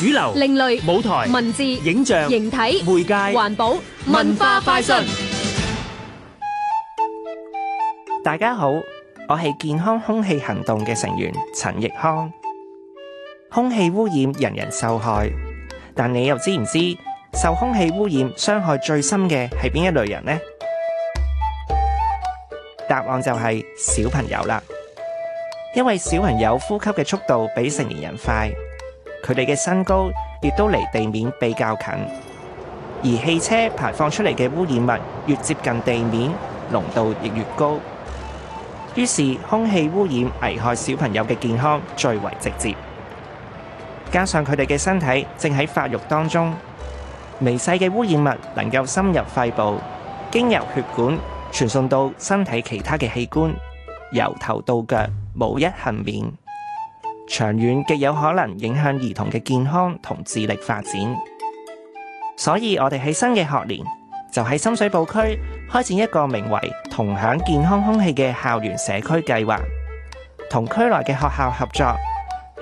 主流、另類舞台、文字、影像、形體、媒介、環保、文化快訊。大家好，我係健康空氣行動嘅成員陳奕康。空氣污染人人受害，但你又知唔知受空氣污染傷害最深嘅係邊一類人呢？答案就係小朋友啦，因為小朋友呼吸嘅速度比成年人快。佢哋嘅身高亦都離地面比較近，而汽車排放出嚟嘅污染物越接近地面，濃度亦越高。於是空氣污染危害小朋友嘅健康最為直接，加上佢哋嘅身體正喺發育當中，微細嘅污染物能夠深入肺部，經由血管傳送到身體其他嘅器官，由頭到腳，冇一幸免。長遠極有可能影響兒童嘅健康同智力發展，所以我哋喺新嘅學年就喺深水埗區開展一個名為“同享健康空氣”嘅校園社區計劃，同區內嘅學校合作，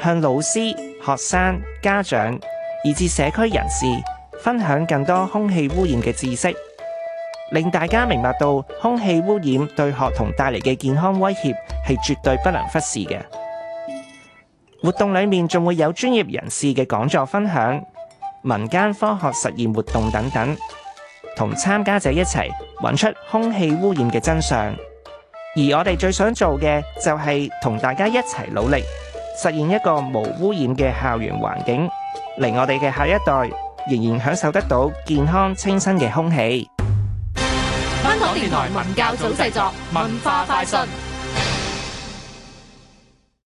向老師、學生、家長以至社區人士分享更多空氣污染嘅知識，令大家明白到空氣污染對學童帶嚟嘅健康威脅係絕對不能忽視嘅。活動裏面仲會有專業人士嘅講座分享、民間科學實驗活動等等，同參加者一齊揾出空氣污染嘅真相。而我哋最想做嘅就係同大家一齊努力，實現一個無污染嘅校園環境，令我哋嘅下一代仍然享受得到健康清新嘅空氣。香港電台文教組製作，文化快訊。